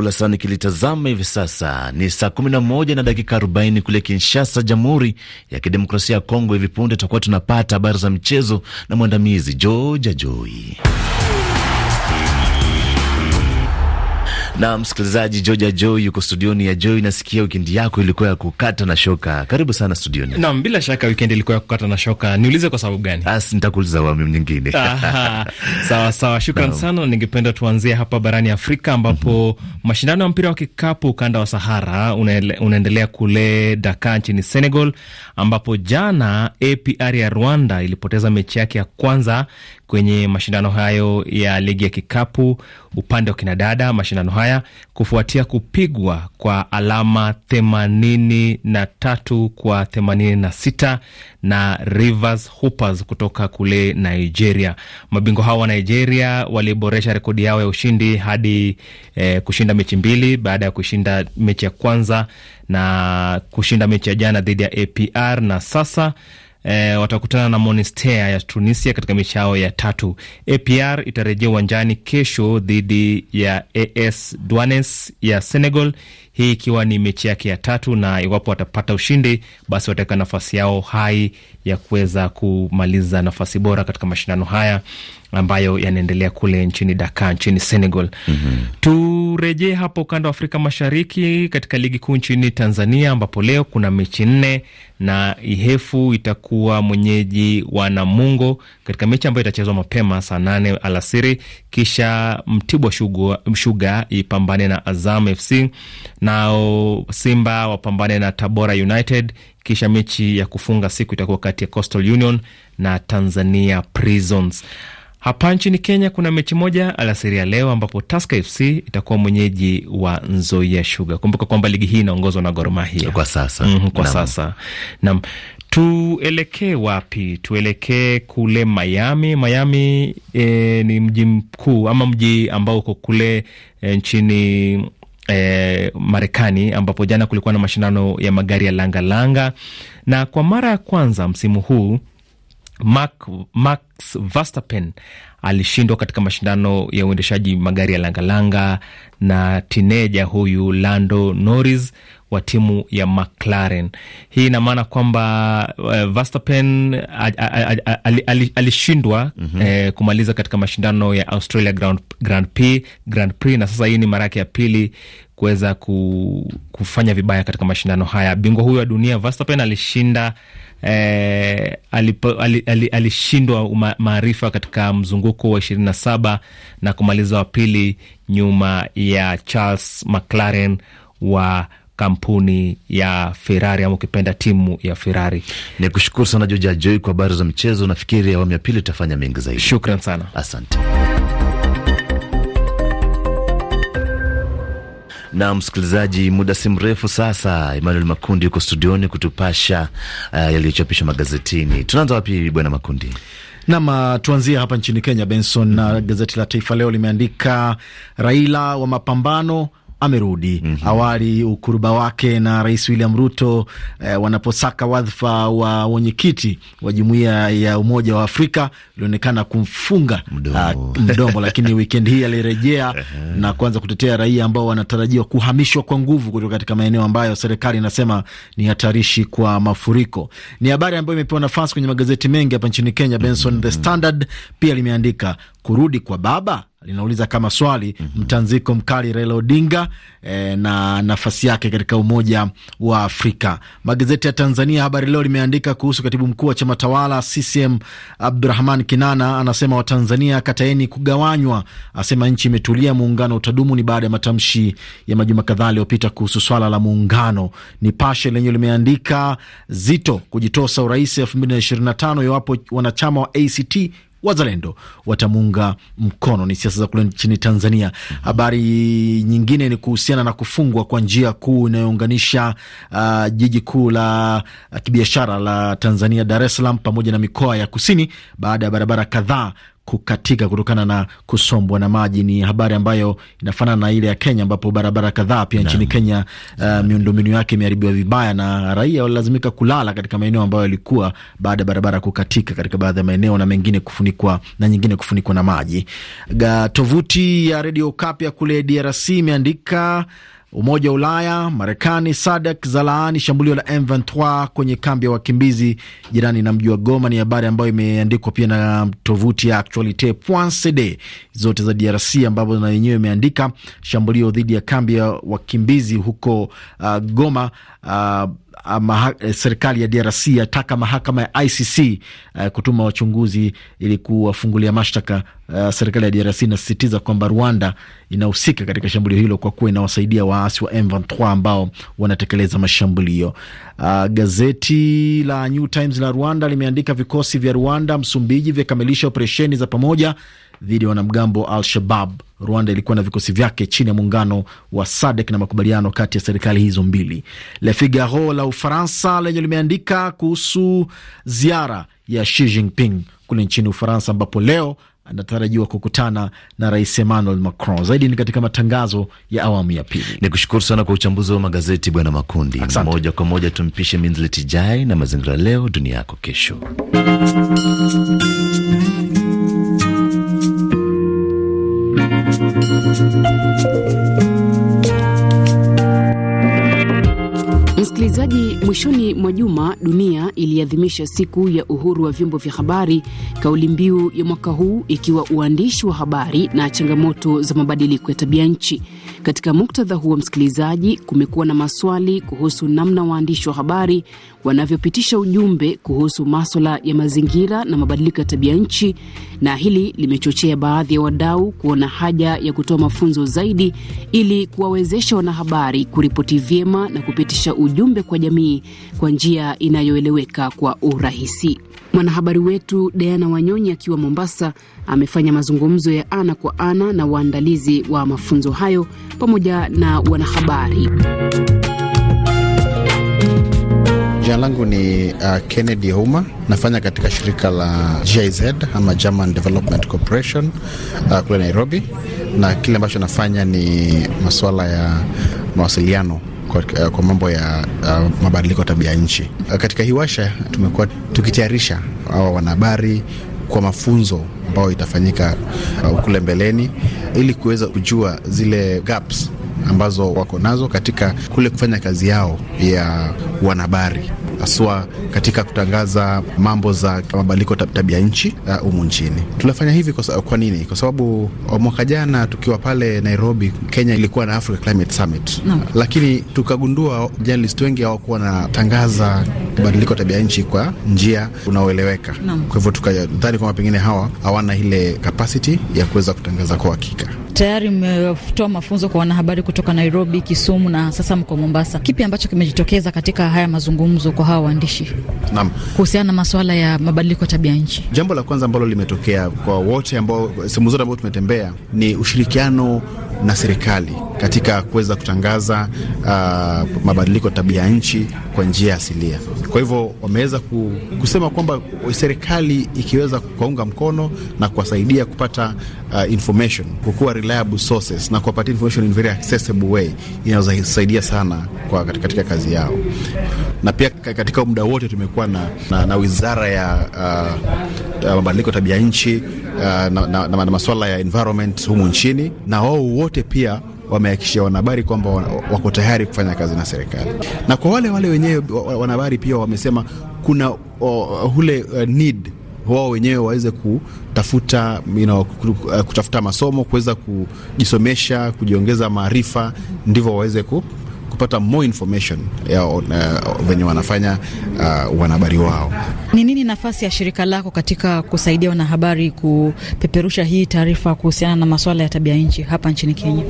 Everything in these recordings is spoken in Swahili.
Bula nikilitazama hivi sasa ni saa 11 na dakika 40 kule Kinshasa, Jamhuri ya Kidemokrasia ya Kongo. Hivi punde tutakuwa tunapata habari za mchezo na mwandamizi Joja Joi. Na msikilizaji, Joja jo yuko studioni ya jo Nasikia wikendi yako ilikuwa ya kukata na shoka. Karibu sana studioni. Naam, bila shaka wikendi ilikuwa ya kukata na shoka. Niulize kwa sababu gani? As nitakuuliza wami nyingine. Sawa sawa, shukran sana. Ningependa tuanzie hapa barani Afrika ambapo mm -hmm. mashindano ya mpira wa kikapu ukanda wa Sahara unaendelea kule Dakar nchini Senegal ambapo jana APR ya Rwanda ilipoteza mechi yake ya kwanza kwenye mashindano hayo ya ligi ya kikapu upande wa kinadada, mashindano haya kufuatia kupigwa kwa alama themanini na tatu kwa themanini na sita na Rivers Hoopers kutoka kule Nigeria. Mabingwa hao wa Nigeria waliboresha rekodi yao ya ushindi hadi eh, kushinda mechi mbili baada ya kushinda mechi ya kwanza na kushinda mechi ya jana dhidi ya APR na sasa e, watakutana na Monastir ya Tunisia katika mechi yao ya tatu. APR itarejea uwanjani kesho dhidi ya AS Douanes ya Senegal, hii ikiwa ni mechi yake ya tatu, na iwapo watapata ushindi, basi wataweka nafasi yao hai ya kuweza kumaliza nafasi bora katika mashindano haya ambayo yanaendelea kule nchini Dakar nchini Senegal. mm -hmm. Turejee hapo ukanda wa Afrika Mashariki katika ligi kuu nchini Tanzania ambapo leo kuna mechi nne na Ihefu itakuwa mwenyeji wa Namungo katika mechi ambayo itachezwa mapema saa nane alasiri, kisha Mtibwa Shuga ipambane na Azam FC, nao Simba wapambane na Tabora United, kisha mechi ya kufunga siku itakuwa kati ya Coastal Union na Tanzania Prisons. Hapa nchini Kenya kuna mechi moja alasiri ya leo ambapo Tusker FC itakuwa mwenyeji wa Nzoia Sugar. Kumbuka kwamba ligi hii inaongozwa na Gor Mahia kwa sasa. Mm, kwa sasa. Nam. Tuelekee wapi? Tuelekee kule Miami. Miami e, ni mji mkuu ama mji ambao uko kule e, nchini e, Marekani, ambapo jana kulikuwa na mashindano ya magari ya langalanga langa. Na kwa mara ya kwanza msimu huu Mark, Max Verstappen alishindwa katika mashindano ya uendeshaji magari ya langalanga na tineja huyu Lando Norris wa timu ya McLaren. Hii ina maana kwamba uh, Verstappen alishindwa mm -hmm. eh, kumaliza katika mashindano ya Australia Grand, Grand Prix, Grand Prix na sasa hii ni mara yake ya pili kuweza kufanya vibaya katika mashindano haya. Bingwa huyu wa dunia Verstappen alishinda eh, alishindwa ali, ali, ali maarifa katika mzunguko wa ishirini na saba na kumaliza wa pili nyuma ya Charles McLaren wa kampuni ya Ferrari ama ukipenda timu ya Ferrari. Ni kushukuru sana Joji kwa habari za michezo. Nafikiri awamu ya pili utafanya mengi zaidi. Shukran sana, asante. Na msikilizaji, muda si mrefu sasa, Emmanuel Makundi yuko studioni kutupasha uh, yaliyochapishwa magazetini. Tunaanza wapi bwana Makundi? Nam, uh, tuanzie hapa nchini Kenya, Benson. mm -hmm. Na gazeti la Taifa Leo limeandika Raila wa mapambano amerudi mm -hmm. Awali ukuruba wake na Rais William Ruto eh, wanaposaka wadhifa wa wenyekiti wa Jumuiya ya Umoja wa Afrika ulionekana kumfunga ah, mdomo, uh, mdomo lakini wikendi hii alirejea na kuanza kutetea raia ambao wanatarajiwa kuhamishwa kwa nguvu kutoka katika maeneo ambayo serikali inasema ni hatarishi kwa mafuriko. Ni habari ambayo imepewa nafasi kwenye magazeti mengi hapa nchini Kenya. Mhm. Benson, mm -hmm. The Standard pia limeandika kurudi kwa baba linauliza kama swali mm -hmm. Mtanziko mkali Raila Odinga e, na nafasi yake katika Umoja wa Afrika. Magazeti ya Tanzania Habari Leo limeandika kuhusu katibu mkuu wa chama tawala CCM Abdurahman Kinana anasema Watanzania kataeni kugawanywa, asema nchi imetulia, muungano utadumu. Ni baada ya matamshi ya majuma kadhaa aliyopita kuhusu swala la muungano. Nipashe lenyewe limeandika Zito kujitosa urais tano iwapo wanachama wa ACT wazalendo watamuunga mkono. Ni siasa za kule nchini Tanzania. Habari nyingine ni kuhusiana na kufungwa kwa njia kuu inayounganisha uh, jiji kuu la uh, kibiashara la Tanzania, Dar es Salaam, pamoja na mikoa ya kusini baada ya barabara kadhaa kukatika kutokana na kusombwa na maji. Ni habari ambayo inafanana na ile ya Kenya, ambapo barabara kadhaa pia nchini Kenya uh, miundombinu yake imeharibiwa vibaya na raia walilazimika kulala katika maeneo ambayo yalikuwa baada ya barabara kukatika katika baadhi ya maeneo na mengine kufunikwa na nyingine kufunikwa na maji. Tovuti ya Radio Kapya kule DRC imeandika Umoja wa Ulaya, Marekani, SADC zalaani shambulio la M23 kwenye kambi ya wakimbizi jirani na mji wa Goma. Ni habari ambayo imeandikwa pia na tovuti ya Actualite.cd zote za DRC, ambapo na yenyewe imeandika shambulio dhidi ya kambi ya wakimbizi huko uh, Goma uh, Uh, maha, eh, serikali ya DRC yataka mahakama ya ICC uh, eh, kutuma wachunguzi ili kuwafungulia mashtaka uh, serikali ya DRC inasisitiza kwamba Rwanda inahusika katika shambulio hilo kwa kuwa inawasaidia waasi wa M23 ambao wanatekeleza mashambulio. Uh, gazeti la New Times la Rwanda limeandika vikosi vya Rwanda Msumbiji vyakamilisha operesheni za pamoja dhidi ya wanamgambo Al-Shabab Rwanda ilikuwa na vikosi vyake chini ya muungano wa SADC na makubaliano kati ya serikali hizo mbili. Le Figaro la Ufaransa lenye limeandika kuhusu ziara ya Xi Jinping kule nchini Ufaransa, ambapo leo anatarajiwa kukutana na Rais Emmanuel Macron. Zaidi ni katika matangazo ya awamu ya pili. Ni kushukuru sana kwa uchambuzi wa magazeti Bwana Makundi. Moja kwa moja tumpishe Minzletijai na mazingira, leo dunia yako kesho Msikilizaji, mwishoni mwa juma dunia iliadhimisha siku ya uhuru wa vyombo vya habari, kauli mbiu ya mwaka huu ikiwa uandishi wa habari na changamoto za mabadiliko ya tabia nchi. Katika muktadha huo, msikilizaji, kumekuwa na maswali kuhusu namna waandishi wa habari wanavyopitisha ujumbe kuhusu maswala ya mazingira na mabadiliko ya tabia nchi, na hili limechochea baadhi ya wadau kuona haja ya kutoa mafunzo zaidi ili kuwawezesha wanahabari kuripoti vyema na kupitisha ujumbe kwa jamii kwa njia inayoeleweka kwa urahisi. Mwanahabari wetu Diana Wanyonyi akiwa Mombasa amefanya mazungumzo ya ana kwa ana na waandalizi wa mafunzo hayo pamoja na wanahabari. Jina langu ni uh, Kennedy Huma. Nafanya katika shirika la GIZ ama German Development Corporation uh, kule Nairobi, na kile ambacho nafanya ni masuala ya mawasiliano kwa, eh, kwa mambo ya uh, mabadiliko ya tabia nchi. Eh, katika Hiwasha tumekuwa tukitayarisha hawa wanahabari kwa mafunzo ambayo itafanyika uh, kule mbeleni ili kuweza kujua zile gaps ambazo wako nazo katika kule kufanya kazi yao ya wanahabari haswa katika kutangaza mambo za mabadiliko tabia nchi uh, humu uh, nchini. Tunafanya hivi kwa, kwa nini? Kwa sababu uh, mwaka jana tukiwa pale Nairobi, Kenya ilikuwa na Africa Climate Summit no. Lakini tukagundua journalist wengi hawakuwa wanatangaza mabadiliko tabia nchi kwa njia unaoeleweka no. Kwa hivyo tukadhani kwamba pengine hawa hawana ile capacity ya kuweza kutangaza kwa hakika. Tayari mmetoa mafunzo kwa wanahabari kutoka Nairobi, Kisumu na sasa mko Mombasa. Kipi ambacho kimejitokeza katika haya mazungumzo kwa hawa waandishi naam, kuhusiana na masuala ya mabadiliko ya tabia nchi? Jambo la kwanza ambalo limetokea kwa wote ambao, sehemu zote ambao tumetembea, ni ushirikiano na serikali katika kuweza kutangaza uh, mabadiliko ya tabia nchi kwa njia asilia. Kwa hivyo wameweza kusema kwamba serikali ikiweza kuwaunga mkono na kuwasaidia kupata uh, information, kukuwa reliable sources na kuwapatia information in very accessible way, inawasaidia sana kwa katika, katika kazi yao. Na pia katika muda wote tumekuwa na, na, na wizara ya uh, mabadiliko ya tabia nchi uh, na, na, na, na masuala ya environment humu nchini na wao wote pia wamehakikishia wanahabari kwamba wako tayari kufanya kazi na serikali, na kwa wale wale wenyewe wanahabari pia wamesema kuna uh, ule uh, need wao wenyewe waweze kutafuta you know, uh, kutafuta masomo, kuweza kujisomesha, kujiongeza maarifa, ndivyo waweze ku kupata more information ya uh, venye wanafanya uh, wanahabari wao. Ni nini nafasi ya shirika lako katika kusaidia wanahabari kupeperusha hii taarifa kuhusiana na masuala ya tabia nchi hapa nchini Kenya?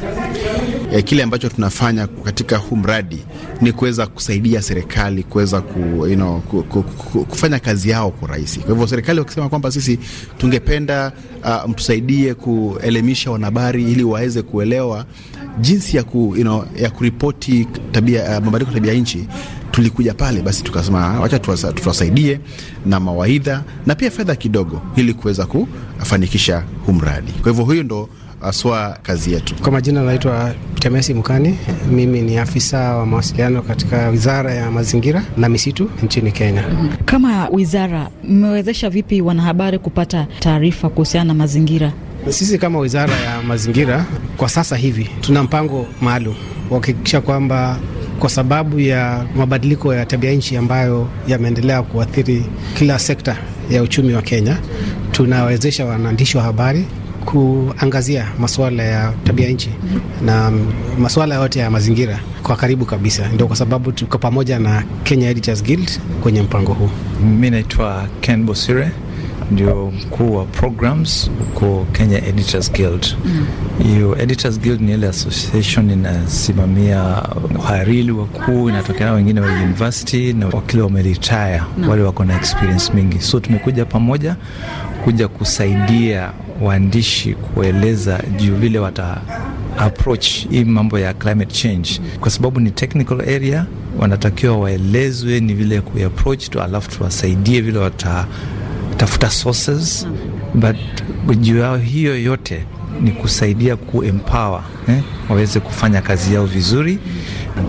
ya eh, kile ambacho tunafanya katika huu mradi ni kuweza kusaidia serikali kuweza ku, you know, ku, ku, ku, kufanya kazi yao kwa rahisi. Kwa hivyo serikali wakisema kwamba sisi tungependa uh, mtusaidie kuelimisha wanahabari ili waweze kuelewa jinsi ya, ku, you know, ya kuripoti tabia uh, mabadiliko tabia nchi tulikuja pale basi tukasema ah, wacha tuwasaidie na mawaidha na pia fedha kidogo ili kuweza kufanikisha huu mradi. Kwa hivyo huyo ndo haswa kazi yetu. Kwa majina naitwa Temesi mukani mimi ni afisa wa mawasiliano katika wizara ya mazingira na misitu nchini Kenya. Kama wizara, mmewezesha vipi wanahabari kupata taarifa kuhusiana na mazingira? Sisi kama wizara ya mazingira kwa sasa hivi tuna mpango maalum kuhakikisha kwamba kwa sababu ya mabadiliko ya tabia nchi ambayo yameendelea kuathiri kila sekta ya uchumi wa Kenya, tunawezesha wanaandishi wa habari kuangazia masuala ya tabia nchi na masuala yote ya mazingira kwa karibu kabisa, ndio kwa sababu tuko pamoja na Kenya Editors Guild kwenye mpango huu. mi naitwa Ken Bosire ndio mkuu wa programs huko Kenya Editors Guild. Hiyo mm. Editors Guild ni ile association inasimamia wahariri wakuu, inatokea wengine wa university na wakili wameretire no. wale wako na experience mingi, so tumekuja pamoja kuja kusaidia waandishi kueleza juu vile wata approach hii mambo ya climate change, kwa sababu ni technical area, wanatakiwa waelezwe ni vile kuapproach tu, alafu tuwasaidie vile wata kutafuta sources but juu yao hiyo yote ni kusaidia kuempower eh, waweze kufanya kazi yao vizuri.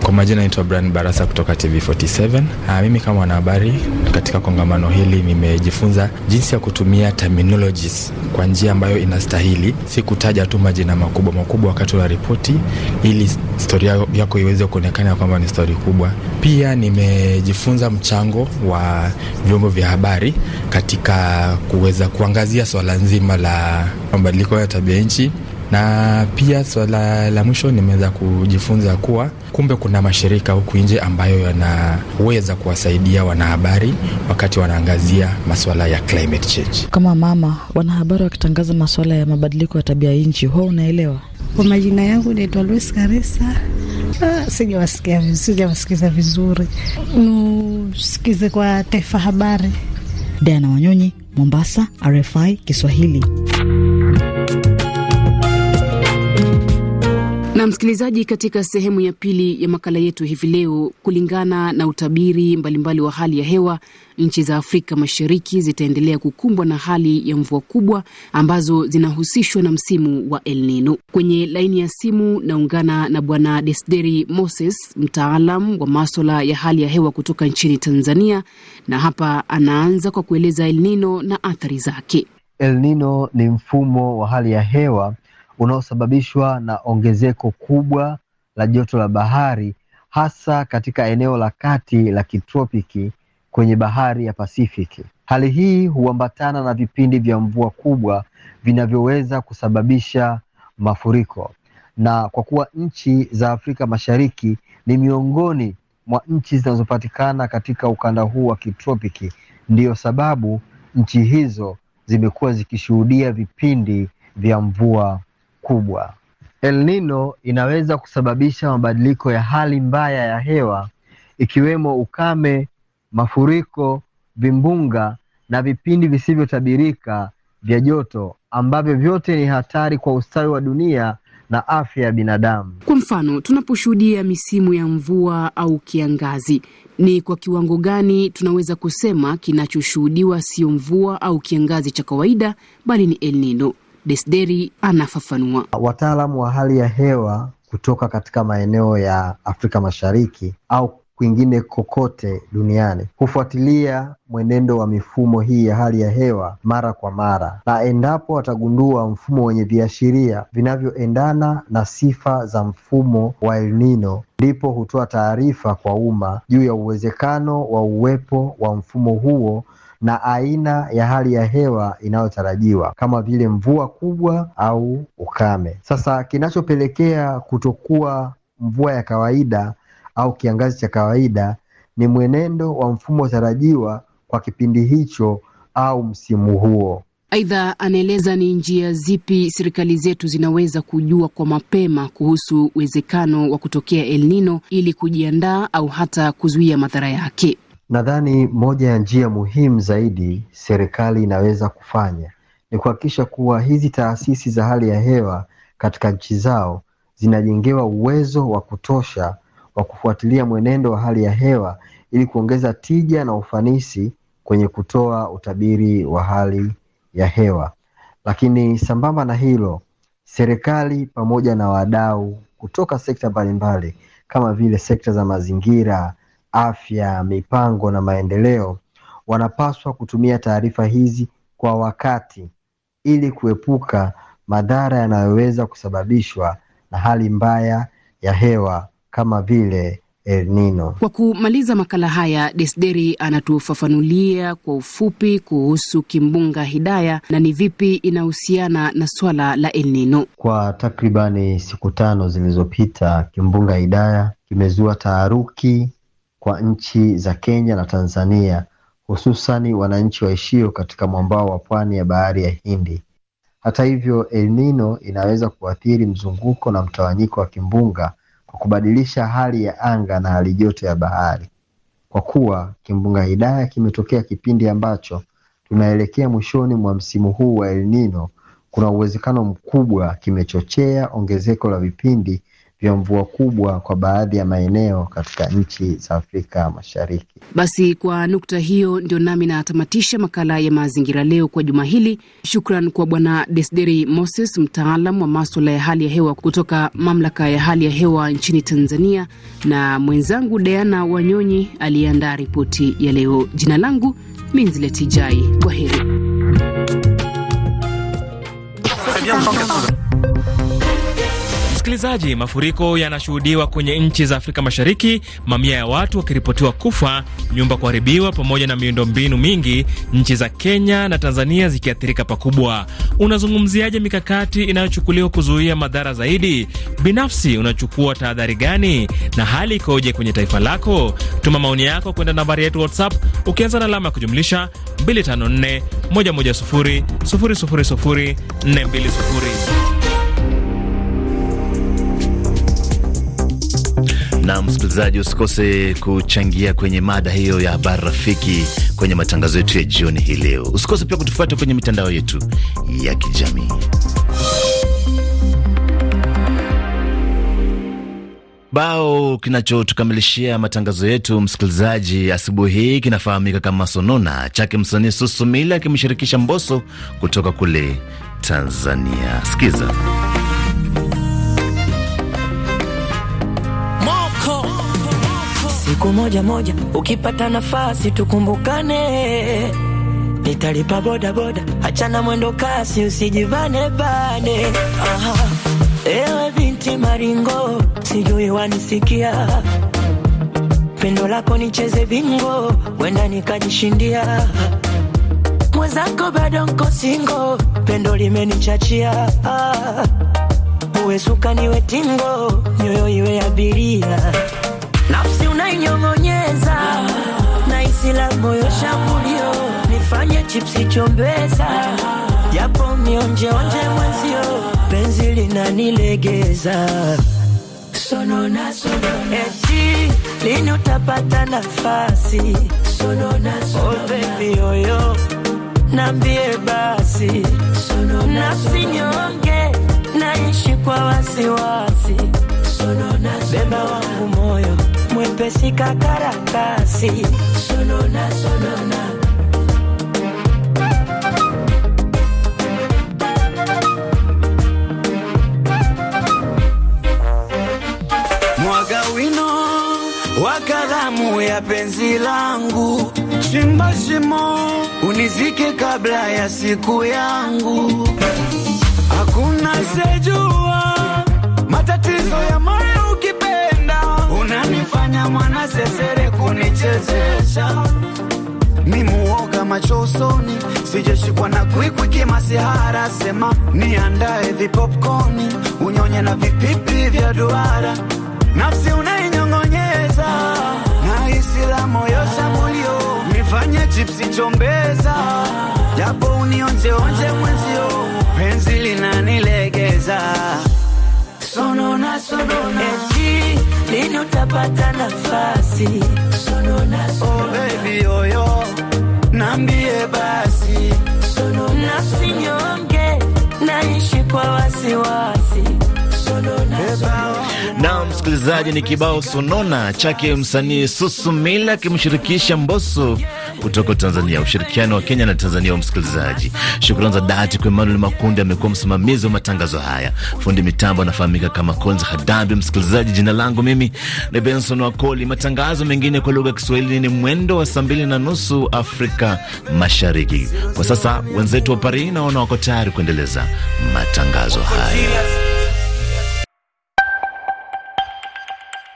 Kwa majina naitwa Brian Barasa kutoka TV47. Aa, ah, mimi kama mwanahabari katika kongamano hili nimejifunza jinsi ya kutumia terminologies kwa njia ambayo inastahili, si kutaja tu majina makubwa makubwa wakati wa ripoti, ili stori yako iweze kuonekana kwamba ni stori kubwa. Pia nimejifunza mchango wa vyombo vya habari katika kuweza kuangazia swala nzima la mabadiliko ya tabia nchi na pia swala la mwisho nimeweza kujifunza kuwa kumbe kuna mashirika huku nje ambayo yanaweza kuwasaidia wanahabari wakati wanaangazia maswala ya climate change. Kama mama wanahabari wakitangaza maswala ya mabadiliko ya tabia nchi, huwa unaelewa? Kwa majina yangu naitwa Luis Karesa. Ah, sijawasikia, sijawasikiza vizuri, nusikize kwa Taifa Habari. Diana Wanyonyi, Mombasa, RFI Kiswahili. Na msikilizaji, katika sehemu ya pili ya makala yetu hivi leo, kulingana na utabiri mbalimbali mbali wa hali ya hewa, nchi za Afrika Mashariki zitaendelea kukumbwa na hali ya mvua kubwa ambazo zinahusishwa na msimu wa El Nino. Kwenye laini ya simu naungana na Bwana Desderi Moses, mtaalam wa maswala ya hali ya hewa kutoka nchini Tanzania, na hapa anaanza kwa kueleza El Nino na athari zake. El Nino ni mfumo wa hali ya hewa unaosababishwa na ongezeko kubwa la joto la bahari hasa katika eneo la kati la kitropiki kwenye bahari ya Pasifiki. Hali hii huambatana na vipindi vya mvua kubwa vinavyoweza kusababisha mafuriko. Na kwa kuwa nchi za Afrika Mashariki ni miongoni mwa nchi zinazopatikana katika ukanda huu wa kitropiki, ndiyo sababu nchi hizo zimekuwa zikishuhudia vipindi vya mvua kubwa. El Nino inaweza kusababisha mabadiliko ya hali mbaya ya hewa ikiwemo ukame, mafuriko, vimbunga na vipindi visivyotabirika vya joto ambavyo vyote ni hatari kwa ustawi wa dunia na afya ya binadamu. Kwa mfano, tunaposhuhudia misimu ya mvua au kiangazi, ni kwa kiwango gani tunaweza kusema kinachoshuhudiwa sio mvua au kiangazi cha kawaida bali ni El Nino? Desderi anafafanua. Wataalamu wa hali ya hewa kutoka katika maeneo ya Afrika Mashariki au kwingine kokote duniani hufuatilia mwenendo wa mifumo hii ya hali ya hewa mara kwa mara, na endapo watagundua mfumo wenye viashiria vinavyoendana na sifa za mfumo wa El Nino, ndipo hutoa taarifa kwa umma juu ya uwezekano wa uwepo wa mfumo huo na aina ya hali ya hewa inayotarajiwa kama vile mvua kubwa au ukame. Sasa kinachopelekea kutokuwa mvua ya kawaida au kiangazi cha kawaida ni mwenendo wa mfumo tarajiwa kwa kipindi hicho au msimu huo. Aidha, anaeleza ni njia zipi serikali zetu zinaweza kujua kwa mapema kuhusu uwezekano wa kutokea El Nino ili kujiandaa au hata kuzuia madhara yake. Nadhani moja ya njia muhimu zaidi serikali inaweza kufanya ni kuhakikisha kuwa hizi taasisi za hali ya hewa katika nchi zao zinajengewa uwezo wa kutosha wa kufuatilia mwenendo wa hali ya hewa ili kuongeza tija na ufanisi kwenye kutoa utabiri wa hali ya hewa. Lakini sambamba na hilo, serikali pamoja na wadau kutoka sekta mbalimbali kama vile sekta za mazingira, afya, mipango na maendeleo, wanapaswa kutumia taarifa hizi kwa wakati ili kuepuka madhara yanayoweza kusababishwa na hali mbaya ya hewa kama vile El Nino. Kwa kumaliza makala haya, Desderi anatufafanulia kwa ufupi kuhusu kimbunga Hidaya na ni vipi inahusiana na swala la El Nino. Kwa takribani siku tano zilizopita, kimbunga Hidaya kimezua taharuki kwa nchi za Kenya na Tanzania, hususani wananchi waishio katika mwambao wa pwani ya bahari ya Hindi. Hata hivyo, El Nino inaweza kuathiri mzunguko na mtawanyiko wa kimbunga kwa kubadilisha hali ya anga na hali joto ya bahari. Kwa kuwa kimbunga Hidaya kimetokea kipindi ambacho tunaelekea mwishoni mwa msimu huu wa El Nino, kuna uwezekano mkubwa kimechochea ongezeko la vipindi vya mvua kubwa kwa baadhi ya maeneo katika nchi za Afrika Mashariki. Basi kwa nukta hiyo, ndio nami natamatisha makala ya mazingira leo kwa juma hili. Shukran kwa Bwana Desderi Moses, mtaalam wa maswala ya hali ya hewa kutoka mamlaka ya hali ya hewa nchini Tanzania, na mwenzangu Diana Wanyonyi aliyeandaa ripoti ya leo. Jina langu Minzletijai, kwa heri. Msikilizaji, mafuriko yanashuhudiwa kwenye nchi za Afrika Mashariki, mamia ya watu wakiripotiwa kufa, nyumba kuharibiwa, pamoja na miundombinu mingi, nchi za Kenya na Tanzania zikiathirika pakubwa. Unazungumziaje mikakati inayochukuliwa kuzuia madhara zaidi? Binafsi unachukua tahadhari gani, na hali ikoje kwenye taifa lako? Tuma maoni yako kwenda nambari yetu WhatsApp ukianza na alama ya kujumlisha 254 110 000 420. na msikilizaji, usikose kuchangia kwenye mada hiyo ya habari rafiki kwenye matangazo yetu ya jioni hii leo. Usikose pia kutufuata kwenye mitandao yetu ya kijamii. Bao kinachotukamilishia matangazo yetu msikilizaji asubuhi hii kinafahamika kama Sonona chake msanii Susumila akimshirikisha mboso kutoka kule Tanzania. Sikiza. siku moja moja, ukipata nafasi tukumbukane, nitalipa bodaboda, achana mwendo kasi, usijivane bane. Aha. Ewe binti maringo, sijui wanisikia, pendo lako nicheze bingo, wenda nikajishindia mwenzako bado nko singo, pendo limenichachia. Ah, uwe suka niwe tingo, nyoyo iwe abiria unainyong'onyeza na isila moyo shambulio nifanye chipsi chombeza mionje onje mwenzio penzi linanilegeza sonona sonona eti lini utapata nafasi sonona sonona oh baby nambie basi sonona nafsi nyonge naishi kwa wasiwasi wasi. Sonona, sonona. Beba wangu moyo mwepesi kakaratasi sonona, sonona. Mwaga wino wa kalamu ya penzi langu, chimba shimo unizike kabla ya siku yangu, hakuna sejua na mwana sesere kunichezesha mimuoga macho usoni, sijashikwa na kwikwi kimasihara, sema niandae vipopkoni unyonye na vipipi vya duara, nafsi unainyong'onyeza na isila moyo shambulio, nifanye chipsi chombeza, japo unionjeonje mwenzio, penzi linanilegeza sonona sonona, eti lini utapata nafasi sonona sonona, oh baby yoyo, nambie basi msikilizaji, ni kibao sonona chake msanii Susumila akimshirikisha Mboso kutoka Tanzania, ushirikiano wa Kenya na Tanzania. Wa msikilizaji, shukrani za dhati kwa Emmanuel Makundi, amekuwa msimamizi wa matangazo haya. Fundi mitambo anafahamika kama Konza Hadambi. Msikilizaji, jina langu mimi ni Benson Wakoli. Matangazo mengine kwa lugha ya Kiswahili ni mwendo wa saa mbili na nusu Afrika Mashariki. Kwa sasa wenzetu wa Paris naona wako tayari kuendeleza matangazo haya.